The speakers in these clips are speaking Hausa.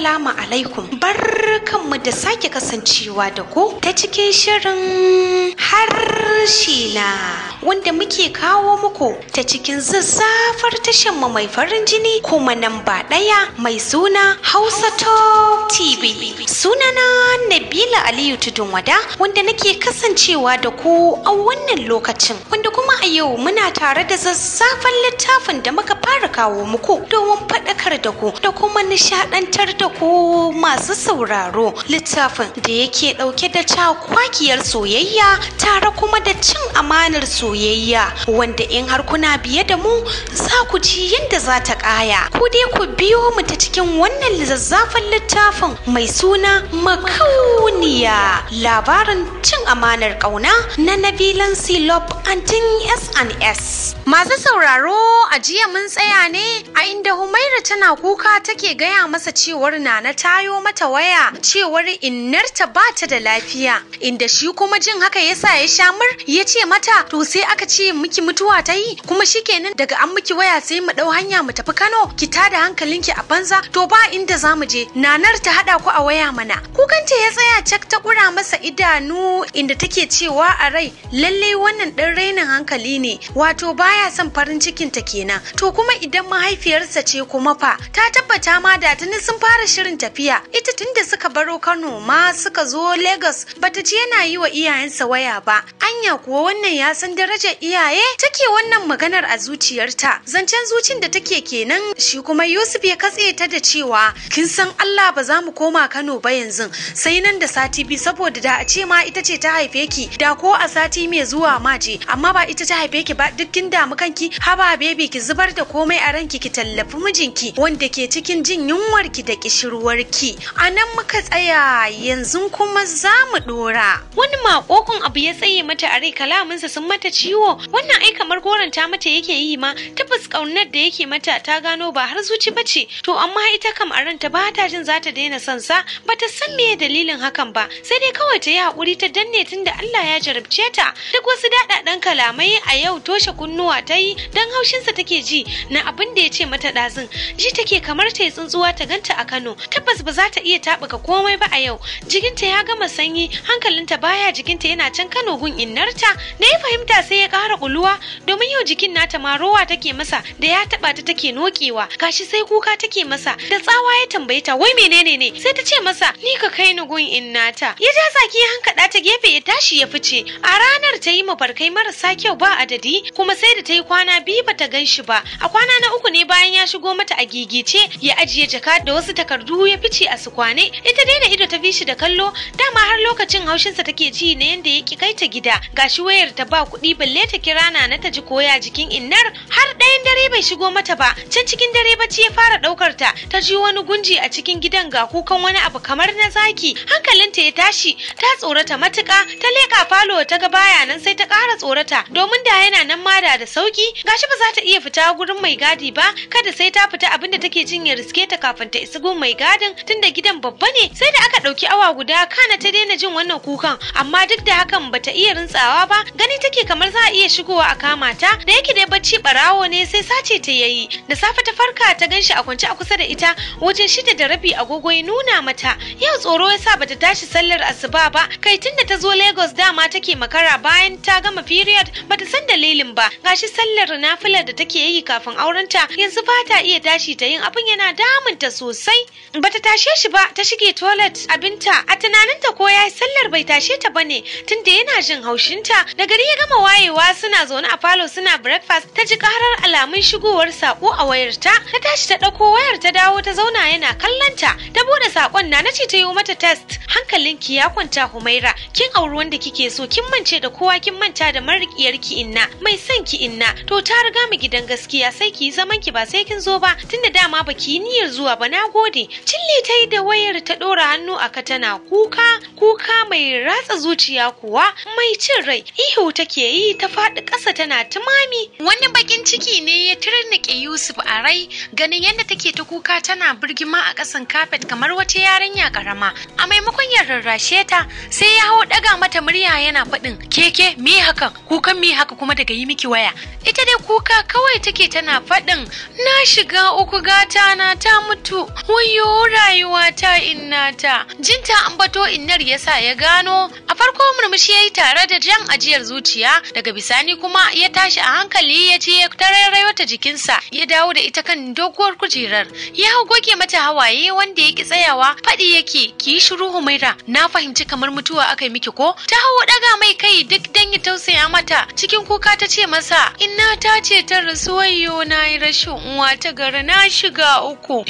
Assalamu alaikum barkanmu da sake kasancewa da ku ta cikin shirin harshe na wanda muke kawo muku ta cikin zazzafar tashan mu mai farin jini kuma nan ba ɗaya mai suna Hausa Top TV. Sunana Nabila Aliyu Tudun Wada wanda nake kasancewa da ku a wannan lokacin wanda kuma a yau muna tare da zazzafan littafin da muka fara kawo muku domin faɗakar da ku da kuma nishaɗantar da ku masu sauraro littafin da yake ɗauke da cakwakiyar soyayya tare kuma da cin amanar soyayya. soyayya wanda in har kuna biye da mu za ku ji yadda za ta kaya ku dai ku biyo mu ta cikin wannan zazzafan littafin mai suna makauniya labarin cin amanar Ƙauna na nabilan silop antin s&s masu sauraro a jiya mun tsaya ne a inda humaira tana kuka take gaya masa cewar nana tayo mata waya cewar innarta ba ta da lafiya inda shi kuma jin haka yasa ya shamur ya ce mata to sai sai aka ce miki mutuwa ta yi kuma shikenan daga an miki waya sai mu dau hanya mu tafi Kano ki tada hankalinki a banza to ba inda zamu je nanar ta hada ku a waya mana kukanta ya tsaya cak ta kura masa idanu inda take cewa a rai lalle wannan dan rainin hankali ne wato baya son farin cikin ta kenan to kuma idan mahaifiyarsa ce kuma fa ta tabbata ma da tuni sun fara shirin tafiya ita tunda suka baro Kano ma suka zo Lagos bata ji yana yi wa iyayensa waya ba anya kuwa wannan ya san darajar iyaye take wannan maganar a zuciyarta zancen zucin da take kenan shi kuma Yusuf ya katse ta da cewa kin san Allah ba za mu koma Kano ba yanzu sai nan da sati bi saboda da a ce ma ita ce ta haife ki da ko a sati mai zuwa ma je amma ba ita ta haife ki ba duk kin damu kanki haba baby ki zubar da komai a ranki ki tallafi mijinki wanda ke cikin jin yunwar ki da ki, a nan muka tsaya yanzu kuma za mu dora wani makokon abu ya tsaye mata a rai kalaminsa sun mata ciwo wannan ai kamar goranta mata yake yi ma tabbas kaunar da yake mata ta gano ba har zuci bace to amma ita kam a ranta ba ta jin za ta daina son sa ba ta san meye dalilin hakan ba sai dai kawai ta yi hakuri ta danne tunda Allah ya jarabce ta duk wasu daɗaɗɗen kalamai a yau toshe kunnuwa ta yi dan haushinsa take ji na abin da ya ce mata ɗazun ji take kamar ta yi tsuntsuwa ta ganta a Kano tabbas ba za ta iya tabuka komai ba a yau jikinta ya gama sanyi hankalinta baya jikinta yana can Kano gun innarta na yi fahimta sai ya ƙara ƙuluwa domin yau jikin nata ma rowa take masa da ya taɓa ta take nokewa gashi sai kuka take masa da tsawa ya tambaye ta wai menene ne sai ta ce masa ni ka kai ni gun in nata ya ja saki ya hankaɗa ta gefe ya tashi ya fice a ranar ta yi mafarkai marasa kyau ba adadi kuma sai da ta yi kwana biyu bata gan shi ba a kwana na uku ne bayan ya shigo mata a gigice ya ajiye jaka da wasu takardu ya fice a su kwane. ita dai da ido ta fi shi da kallo dama har lokacin haushinsa take ji na yadda ya ki kai ta gida gashi wayar ta ba kuɗi balle ta kira na ta ji koya jikin innar har ɗayan dare bai shigo mata ba can cikin dare bacci ya fara ɗaukar ta ta ji wani gunji a cikin gidan ga kukan wani abu kamar na zaki hankalinta ya tashi ta tsorata matuka ta leka falo ta ga baya nan sai ta ƙara tsorata domin da yana nan mada da sauki gashi ba za ta iya fita gurin mai gadi ba kada sai ta fita abinda take jin ya riske ta kafin ta isa gun mai gadin tunda gidan babba ne sai da aka ɗauki awa guda kana ta daina jin wannan kukan amma duk da hakan bata iya rintsawa ba gani take kamar za a iya shigowa a kama ta da yake dai bacci barawo ne sai sace ta yayi da safe ta farka ta ganshi a kwance a kusa da ita wajen shida da rabi agogo ya nuna mata yau tsoro ya sa bata tashi sallar asuba ba kai tunda ta zo Lagos dama take makara bayan ta gama period bata san dalilin ba gashi sallar nafilar da take yi kafin aurenta yanzu ba ta iya tashi ta yin abin yana damunta sosai bata tashe shi ba ta shige toilet abinta a tunaninta ko ya sallar bai tashe ta bane tunda yana jin haushinta da gari ya gama wayewa suna zaune a falo suna breakfast ta ji karar alamun shigowar sako a wayarta ta tashi ta ɗauko wayar ta dawo ta zauna yana kallonta ta buɗe sakon na nace ta yi mata test hankalinki ya kwanta humaira kin auri wanda kike so kin mance da kowa kin manta da marikiyarki inna mai son ki inna to ta riga mu gidan gaskiya sai ki zaman ki ba sai kin zo ba tunda dama baki niyyar zuwa ba gode cilli ta yi da wayar ta ɗora hannu a katana kuka kuka mai ratsa zuciya kuwa mai cin rai ihu take yi tausayi ta faɗi ƙasa tana tumami wani bakin ciki ne ya turnike yusuf a rai ganin yadda take ta kuka tana birgima a ƙasan kafet kamar wata yarinya ƙarama a maimakon ya rarrashe ta sai ya hau ɗaga mata murya yana faɗin keke me haka kukan me haka kuma daga yi miki waya ita dai kuka kawai take tana faɗin na shiga uku gata na ta mutu wayo rayuwa ta inna ta jinta ambato innar yasa ya gano a farko murmushi yayi tare da jan ajiyar zuciya daga bisani kuma ya tashi a hankali ya ce ya tararrai wata jikinsa ya dawo da ita kan doguwar kujerar ya hau goge mata hawaye wanda ya ki tsayawa faɗi yake ki yi shiru humaira na fahimci kamar mutuwa aka yi miki ko ta hawo daga mai kai duk dan ya tausaya mata cikin kuka ta ce masa Ina ta ce ta rasu wayo na yi rashin uwa ta gara na shiga uku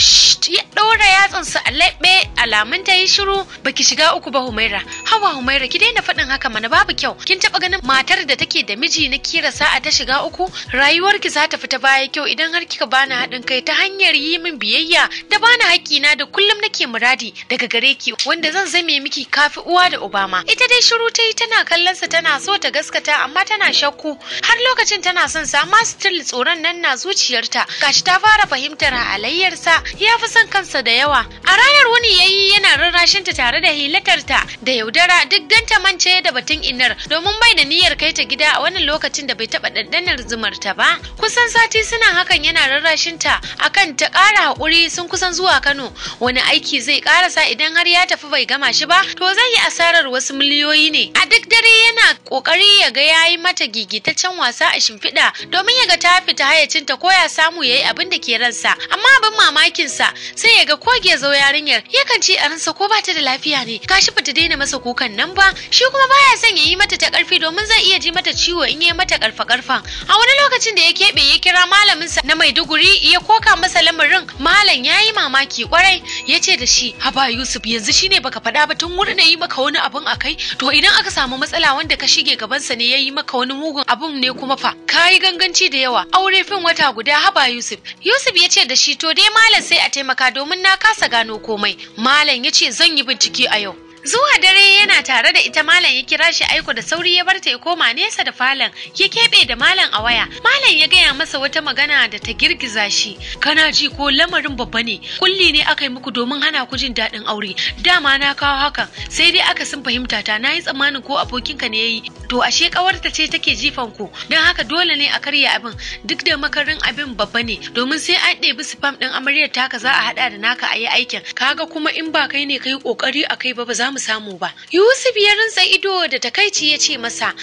ya ɗora yatsansa a laɓe alamun ta yi shiru baki shiga uku ba humaira hawa humaira ki daina faɗin haka mana babu kyau kin taɓa ganin matar da take kike da miji na kira sa'a ta shiga uku rayuwarki za ta fita baya kyau idan har kika bani haɗin kai ta hanyar yi min biyayya da bani haƙƙina da kullum nake muradi daga gare ki wanda zan zame miki kafi uwa da obama ita dai shiru ta yi tana kallon sa tana so ta gaskata amma tana shakku har lokacin tana son sa amma still tsoron nan na zuciyarta gashi ta fara fahimtar halayyarsa ya fi son kansa da yawa a ranar wani yayi yana rarrashinta tare da hilatarta da yaudara duk don ta mance da batun inar domin bai da niyyar kai ta gida gida a wannan lokacin da bai taba ɗanɗanar zumarta ba kusan sati suna hakan yana rarrashin ta akan ta ƙara haƙuri sun kusan zuwa kano wani aiki zai ƙarasa idan har ya tafi bai gama shi ba to zai yi asarar wasu miliyoyi ne a duk dare yana ƙoƙari ya ga ya yi mata gigitaccen wasa a shimfiɗa domin ya ga ta fita hayacinta ko ya samu ya yi abin da ke ransa amma abin mamakin sa sai ya ga koge zo yarinyar yakan ce a ransa ko bata da lafiya ne gashi ba ta daina masa kukan nan ba shi kuma baya son ya yi mata ta ƙarfi domin zai iya ji mata mata ciwo in yi mata karfa-karfan a wani lokacin da ya keɓe ya kira malaminsa na maiduguri ya koka masa lamarin malam ya yi mamaki kwarai ya ce da shi haba yusuf yanzu shine baka faɗa ba tun wurin yi maka wani abun a kai to idan aka samu matsala wanda ka shige gabansa ne ya yi maka wani mugun abun ne kuma fa ka yi ganganci da yawa aure fin wata guda haba yusuf yusuf ya ce da shi to dai malam sai a taimaka domin na kasa gano komai malam ya ce zan yi bincike a yau Zuwa dare yana tare da ita malam ya kira shi aiko da sauri ya barta ya koma nesa da falon ya kebe da malam a waya. Malam ya gaya masa wata magana da ta girgiza shi. Kana ji ko lamarin babba ne. Kulli ne aka yi muku domin hana ku jin daɗin aure. Dama na kawo hakan sai dai aka sun fahimta ta na yi tsammanin ko abokinka ne ya yi. To ashe ta ce take jifan ku. Don haka dole ne a karya abin duk da makarin abin babba ne domin sai an ɗebi sifam ɗin amaryar taka za a haɗa da naka a yi aikin. Kaga kuma in ba kai ne kai ƙoƙari a kai ba ba za mu samu ba yusuf ya rinsa ido da takaici ya ce masa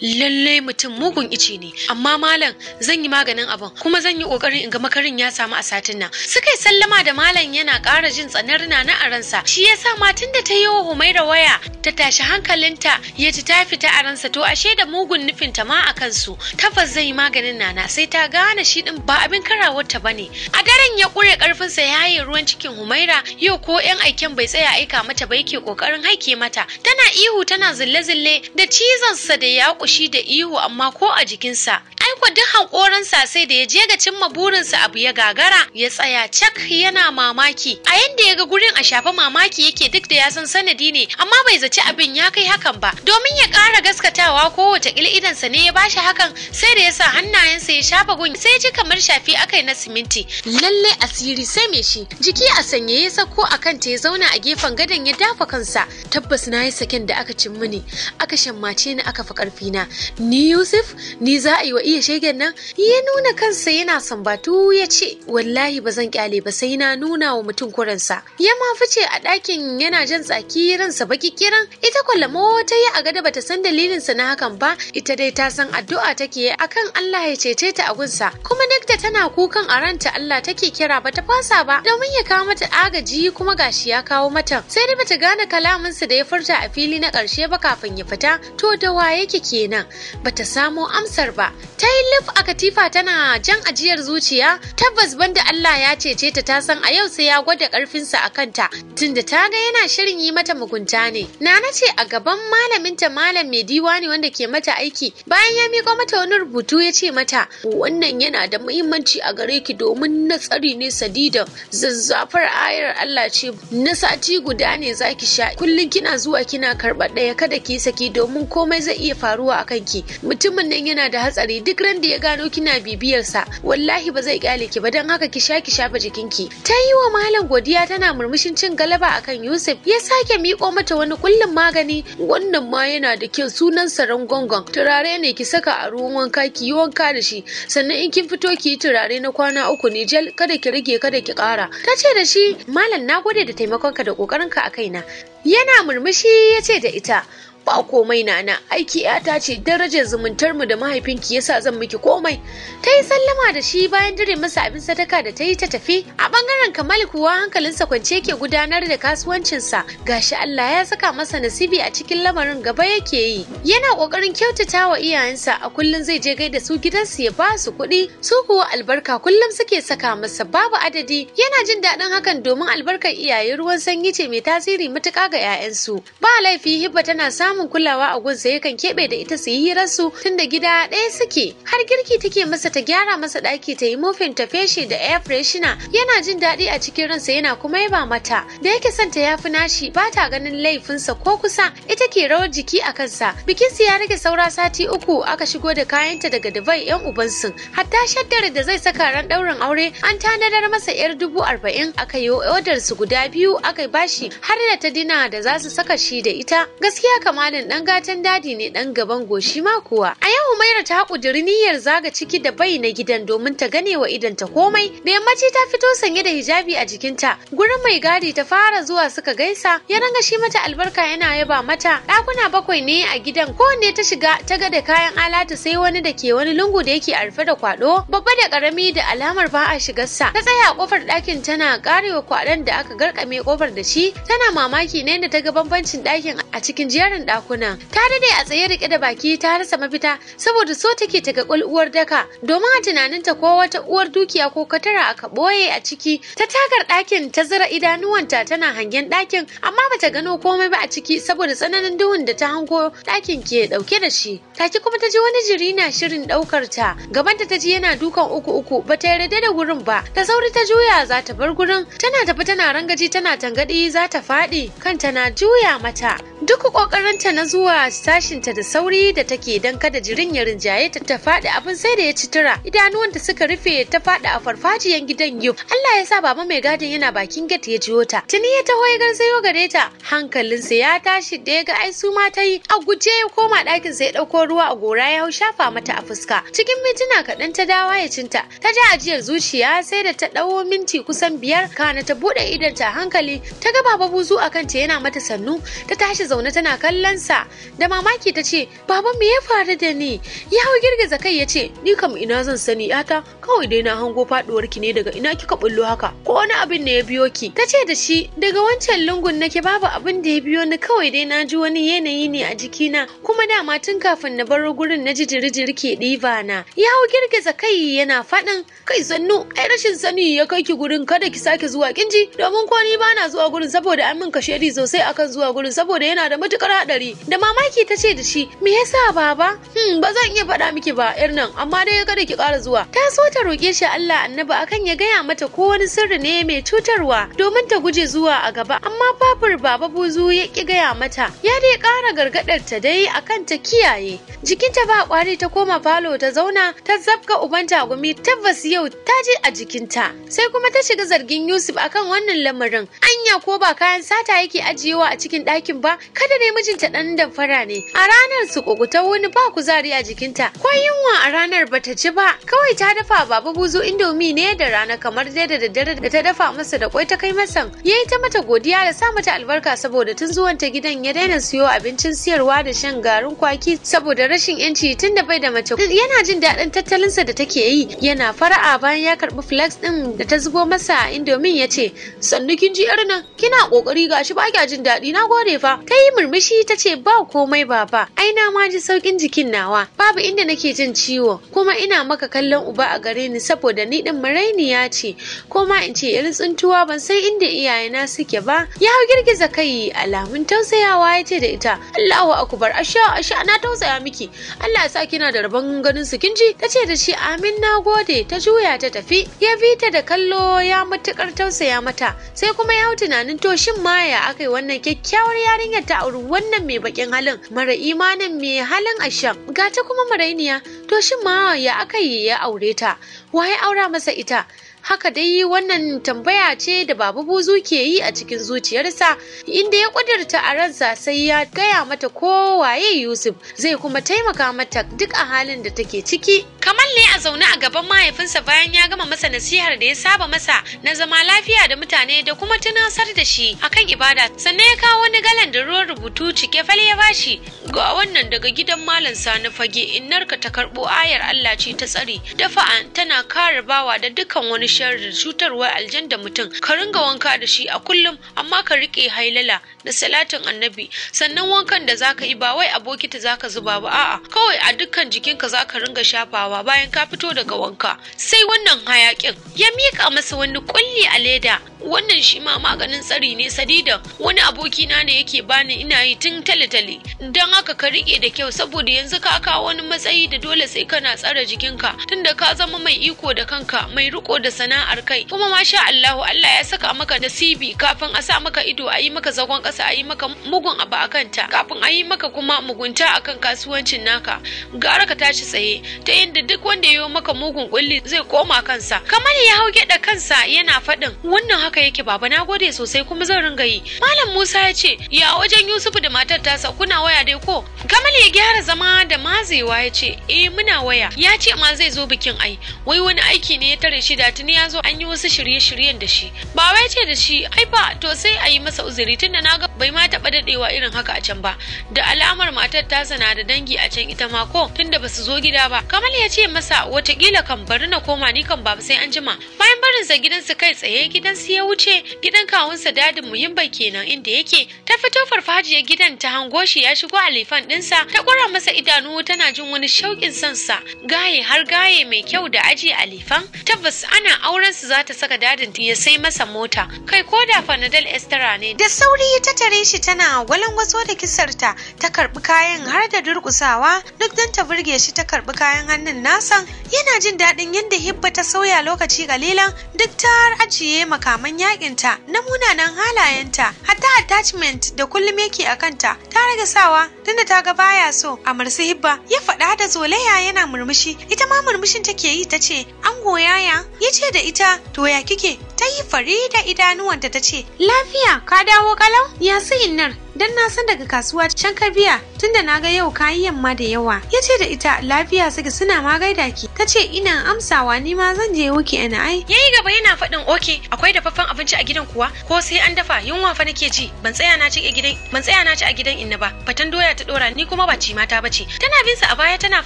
lalle mutum mugun ice ne amma malam zan yi maganin abin kuma zan yi kokarin in ga makarin ya samu a satin nan suka yi sallama da malam yana ƙara jin tsanar na a ransa shi sa matan da ta yi wa humaira waya ta tashi hankalinta ya ji ta fita a ransa to ashe da mugun nufin ta ma a kansu tabbas zai yi maganin nana sai ta gane shi din ba abin karawarta bane a daren ya ƙure ƙarfinsa ya yi ruwan cikin humaira yau ko yan aiken bai tsaya aika mata ba yake ƙoƙarin kokarin haike mata tana ihu tana zille-zille da cizonsa da ya kushi da ihu amma ko a jikinsa aiko duk hankoransa sai da ya je ga cimma burinsa abu ya gagara ya tsaya cak yana mamaki a yanda ya ga gurin a shafa mamaki yake duk da ya san sanadi ne amma bai zaci abin ya kai hakan ba domin ya ƙara gaskatawa kowace ƙil'idansa ne ya bashi hakan sai da ya sa hannayensa ya shafa gun sai ji kamar shafi akai na siminti lalle asiri sai mai shi jiki a sanye ya sako a kanta ya zauna a gefen gadon ya dafa kansa tabbas na yi saken da aka cin mini aka shammace ni aka fi karfi na ni yusuf ni za a yi wa iya shegen nan ya nuna kansa yana sambatu ya ce wallahi ba zan kyale ba sai na nuna wa mutum kuransa ya ma fice a ɗakin yana jan tsaki ransa baki kiran ita kwallamo ta yi a gada bata san dalilinsa na hakan ba ita dai ta san addu'a take akan Allah ya cece ta a gunsa kuma duk da tana kukan a ranta Allah take kira bata fasa ba domin ya kawo mata agaji kuma gashi ya kawo mata sai dai bata gane kalama. sa da ya furta a fili na ƙarshe ba kafin ya fita to da wa yake kenan bata samo amsar ba ta yi lif a katifa tana jan ajiyar zuciya tabbas banda Allah ya cece ta ta san a yau sai ya gwada ƙarfinsa a kanta tunda ta ga yana shirin yi mata mugunta ne nana ce a gaban malaminta malam mai diwani wanda ke mata aiki bayan ya miƙo mata wani rubutu ya ce mata wannan yana da muhimmanci a gare ki domin na tsari ne sadida zazzafar ayar Allah ce na sati guda ne zaki sha kullum kina zuwa kina karɓar ɗaya kada ki saki domin komai zai iya faruwa a kanki mutumin nan yana da hatsari duk ran da ya gano kina bibiyar sa wallahi ba zai kyale ki ba dan haka ki sha ki shafa jikinki ta yi wa malam godiya tana murmushin cin galaba akan Yusuf ya sake miko mata wani kullum magani wannan ma yana da kyau sunan saran gongon turare ne ki saka a ruwan wanka ki yi wanka da shi sannan in kin fito ki yi turare na kwana uku ne jel kada ki rage kada ki kara ta ce da shi malam na gode da taimakonka da kokarin ka a kaina Yana murmushi ya ce da ita, ba komai nana aiki yata ce darajar zumuntar mu da mahaifinki yasa zan miki komai ta yi sallama da shi bayan dare masa abin sadaka da ta yi ta tafi a bangaren kamal kuwa hankalinsa kwance ke gudanar da kasuwancinsa gashi Allah ya saka masa nasibi a cikin lamarin gaba yake yi yana kokarin kyautata wa iyayensa a kullum zai je gaida su gidansu ya ba su kuɗi su kuwa albarka kullum suke saka masa babu adadi yana jin daɗin hakan domin albarkar iyaye ruwan sanyi ce mai tasiri matuƙa ga 'ya'yansu ba laifi hibba tana samun samun kulawa a gunsa yakan keɓe da ita su yi hirarsu tun da gida ɗaya suke har girki take masa ta gyara masa ɗaki ta yi mofin ta feshe da air freshener yana jin daɗi a cikin ransa yana kuma yaba mata da yake son ta yafi nashi ba ta ganin laifinsa ko kusa ita ke rawar jiki a kansa bikin su ya rage saura sati uku aka shigo da kayanta daga Dubai yan ubansu hatta shaddare da zai saka ran ɗaurin aure an tanadar masa yar dubu arba'in aka yi odar su guda biyu aka bashi har da ta dina da za su saka shi da ita gaskiya kamar malam ɗan gatan dadi ne dan gaban goshi ma kuwa. A yau Humaira ta kudiri niyyar zaga ciki da bai na gidan domin ta gane wa idan ta komai. Da yammaci ta fito sanye da hijabi a jikinta. Gurin mai gadi ta fara zuwa suka gaisa ya ranga shi mata albarka yana yaba mata. Ɗakuna bakwai ne a gidan kowanne ta shiga ta ga da kayan alata sai wani da ke wani lungu da yake a da kwaɗo. Babba da karami da alamar ba a shigarsa. Ta tsaya a kofar ɗakin tana karewa kwaɗon da aka garkame kofar da shi. Tana mamaki ne da ta ga bambancin ɗakin a cikin jerin dakuna Ta dade a tsaye rike da baki ta rasa mafita saboda so take ta ga uwar daka domin a tunaninta ko wata uwar dukiya ko katara aka boye a ciki. Ta tagar ɗakin ta zira idanuwanta tana hangen ɗakin amma bata gano komai ba a ciki saboda tsananin duhun da ta hango ɗakin ke ɗauke da shi. Take kuma ta ji wani jiri na shirin ɗaukar ta. Gabanta ta ji yana dukan uku uku bata yarda da gurin ba. Ta sauri ta juya za ta bar gurin tana tafi tana rangaji tana tangaɗi za ta faɗi kanta na juya mata. Duk ƙoƙarin yunkurinta na zuwa sashinta da sauri da take don kada jirin ya rinjaye ta ta faɗi abin sai da ya ci tura idanuwanta suka rufe ta faɗi a farfajiyan gidan yau Allah ya sa baba mai gadin yana bakin gate ya jiyo ta tuni ya taho ya garzayo gare ta hankalinsa ya tashi da ya ga ai su ma ta yi a guje ya koma ɗakin sa ya ɗauko ruwa a gora ya hau shafa mata a fuska cikin mintuna kaɗan ta dawa ya cinta ta ji ajiyar zuciya sai da ta dawo minti kusan biyar kana ta buɗe idanta hankali ta ga baba buzu a ta yana mata sannu ta tashi zaune tana kallon kallonsa da mamaki ta ce baba me ya faru da ni ya hau girgiza kai ya ce ni kam ina zan sani yata kawai dai na hango faduwar ki ne daga ina kika bullo haka ko wani abin ne ya biyo ki ta ce da shi daga wancan lungun nake babu abin da ya biyo ni kawai dai na ji wani yanayi ne a jikina kuma dama tun kafin na bar gurin na ji jiri-jiri ke ɗiba na ya hau girgiza kai yana faɗin kai sannu ai rashin sani ya kai ki gurin kada ki sake zuwa kinji domin ko ni na zuwa gurin saboda an min kashedi sosai akan zuwa gurin saboda yana da matukar haɗari gari da mamaki ta ce da shi me yasa baba hmm ba zan iya faɗa miki ba yar nan amma dai kada ki ƙara zuwa ta so ta roƙe shi Allah annabi akan ya gaya mata ko wani sirri ne mai cutarwa domin ta guje zuwa a gaba amma fafur baba buzu ya ki gaya mata ya dai ƙara gargaɗar ta dai akan ta kiyaye jikinta ba ƙwari ta koma falo ta zauna ta zabka ubanta gumi tabbas yau ta ji a jikinta sai kuma ta shiga zargin Yusuf akan wannan lamarin anya ko ba kayan sata yake ajiyewa a cikin ɗakin ba kada dai mijinta ta ɗan damfara ne. A ranar su ta wani ba kuzari a jikinta. Ko yunwa a ranar bata ci ba. Kawai ta dafa baba buzu indomi ne da rana kamar dai da daddare da ta dafa masa da kwai ta kai masa Yayi ta mata godiya da sa mata albarka saboda tun zuwan ta gidan ya daina siyo abincin siyarwa da shan garin kwaki saboda rashin yanci tun da bai da mace. Yana jin daɗin tattalinsa da take yi. Yana fara'a bayan ya karbi flex din da ta zubo masa indomin ya ce sannu kin ji irin kina kokari gashi ba kya jin daɗi na gode fa ta yi murmushi ta ta ce ba komai baba ai na ma ji saukin jikin nawa babu inda nake jin ciwo kuma ina maka kallon uba a gare ni saboda ni din marainiya ce ko in ce irin tsuntuwa ban san inda iyayena suke ba ya hau girgiza kai alamun tausayawa ya ce da ita Allahu akbar asha asha na tausaya miki Allah ya sa kina da rabon ganin su kin ta ce da shi amin na gode ta juya ta tafi ya bi ta da kallo ya matukar tausaya mata sai kuma ya hau tunanin to shin ma ya akai wannan kyakkyawar yarinyar ta auri wannan mai bakin halin mara imanin mai halin ashan ta kuma marainiya to shin ma ya aka yi ya aure ta waye aura masa ita haka dai wannan tambaya ce da babu buzu ke yi a cikin zuciyarsa inda ya kudurta a ransa sai ya gaya mata ko waye yusuf zai kuma taimaka mata duk a halin da take ciki kamar ne a zaune a gaban mahaifinsa bayan ya gama masa nasihar da ya saba masa na zama lafiya da mutane da kuma tunasar da shi akan ibada sannan ya kawo wani galan da ruwan rubutu cike fal ya bashi ga wannan daga gidan malam sani fage innarka ta karɓo ayar allah ce ta tsari, dafa'a tana kare bawa da dukkan wani sharri cutarwa aljan da mutum ka ringa wanka da shi a kullum amma ka rike hailala da salatin annabi sannan wankan da zaka yi ba wai a bokiti zaka zuba ba a'a kawai a dukkan jikinka zaka ringa shafawa bayan ka fito daga wanka sai wannan hayakin ya mika masa wani kulli a leda wannan shi ma maganin tsari ne sadida wani abokina ne yake bani ina yi tun tale-tale don haka ka rike da kyau saboda yanzu ka kawo wani matsayi da dole sai kana tsara jikinka tunda ka zama mai iko da kanka mai riko da sana sana'ar kai kuma masha Allahu Allah ya saka maka nasibi kafin a sa maka ido a yi maka zagon ƙasa a yi maka mugun abu a kanta kafin a yi maka kuma mugunta akan kasuwancin naka gara ka tashi tsaye ta inda duk wanda ya yi maka mugun kulli zai koma kansa kamar ya hau gyaɗa kansa yana faɗin wannan haka yake baba na gode sosai kuma zan ringa yi malam Musa ya ce ya wajen Yusufu da matar tasa kuna waya dai ko Kamal ya gyara zama da mazewa ya ce eh muna waya ya ce ma zai zo bikin ai wai wani aiki ne ya tare shi da tuni ya zo an yi wasu shirye-shiryen da shi ba wai ce da shi ai ba to sai a yi masa uzuri tunda na ga bai ma taɓa daɗewa irin haka a can ba da alamar matar ta sana da dangi a can ita ma ko tunda ba su zo gida ba kamal ya ce masa watakila kan bari na koma ni kan babu sai an jima bayan barinsa su kai tsaye gidan su ya wuce gidan kawunsa dadin muhimman kenan inda yake ta fito farfajiyar gidan ta hango shi ya shigo alifan ɗinsa ta ƙura masa idanu tana jin wani shauƙin sansa gaye har gaye mai kyau da aji alifan tabbas ana aurensu za ta saka dadin ya sai masa mota kai ko da fanadol estera ne da sauri ta tare shi tana gwalangwaso da kisarta ta karbi kayan har da durkusawa duk don ta burge shi ta karbi kayan hannun nasan yana jin daɗin yadda hibba ta sauya lokaci galilan duk ta har ajiye makaman ta na munanan halayenta hatta attachment da kullum yake a kanta ta rage sawa tunda ta ga baya so a marsi hibba ya faɗa da zolaya yana murmushi ita ma murmushin take yi ta ce an goyaya ya hira da ita to ya kike ta yi fari da idanuwanta ta ce lafiya ka dawo kalau ya su nan. dan na san daga kasuwa can ka biya tunda na ga yau kayi yamma da yawa ya ce da ita lafiya suka suna ma gaida ki ta ce ina amsawa ni ma zan je wuki ana ai yayi gaba yana faɗin oke akwai dafaffen abinci a gidan kuwa ko sai an dafa yunwa fa nake ji ban tsaya na ci a gidan ban tsaya na ci a gidan inna ba fatan doya ta dora ni kuma ba ci mata bace tana bin sa a baya tana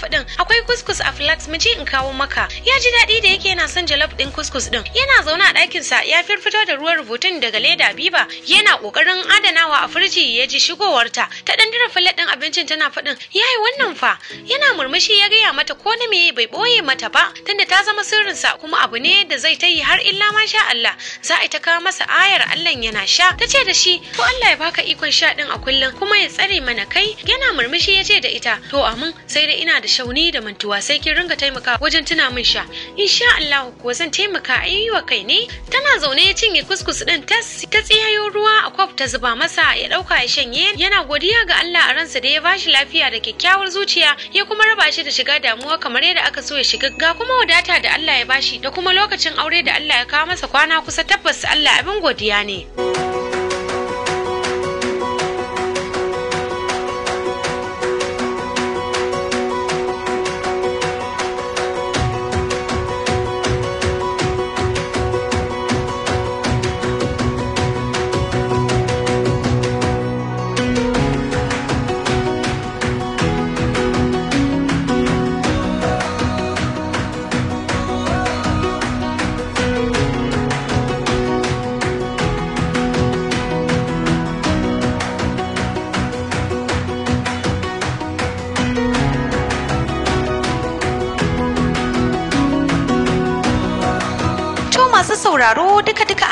faɗin akwai kuskus a flax mu je in kawo maka ya ji daɗi da yake yana son jalof ɗin kuskus ɗin yana zaune a ɗakin sa ya firfito da ruwan rubutun daga leda biba yana ƙoƙarin adanawa a firji ya ji shigowarta ta dan dira din abincin tana faɗin yayi wannan fa yana murmushi ya gaya mata ko na meye bai ɓoye mata ba tunda ta zama sirrinsa kuma abu ne da zai ta yi har illa ma sha Allah za a ta kawo masa ayar Allah yana sha ta ce da shi ko Allah ya baka ikon sha din a kullum kuma ya tsare mana kai yana murmushi ya ce da ita to amin sai dai ina da shauni da mantuwa sai kin ringa taimaka wajen tuna min sha insha Allah kuwa zan taimaka a wa kai ne tana zaune ya cinye kuskus din ta tsiyayo ruwa a kwaf ta zuba masa ya ɗauka ya yin yana godiya ga Allah a ransa da ya bashi lafiya da kyakkyawar zuciya ya kuma raba shi da shiga damuwa kamar yadda aka so ya shiga ga kuma wadata da Allah ya bashi da kuma lokacin aure da Allah ya kawo masa kwana kusa tabbas Allah abin godiya ne.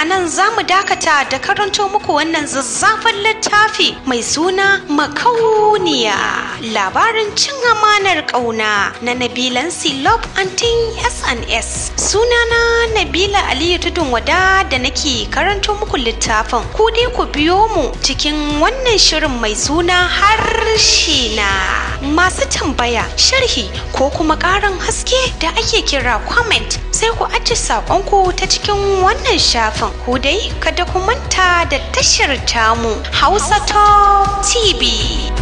a nan za mu dakata da karanto muku wannan zazzafan littafi mai suna makauniya labarin cin amanar ƙauna na Nabilan Silop Antin S&S. Sunana Nabila Aliyu Tudun Wada da nake karanto muku littafin. Ku dai ku biyo mu cikin wannan shirin mai suna harshe na. Masu tambaya, sharhi ko kuma ƙarin haske da ake kira comment sai ku aji saƙonku ta cikin wannan shafin ku dai kada ku manta da tashar tamu hausa talk tv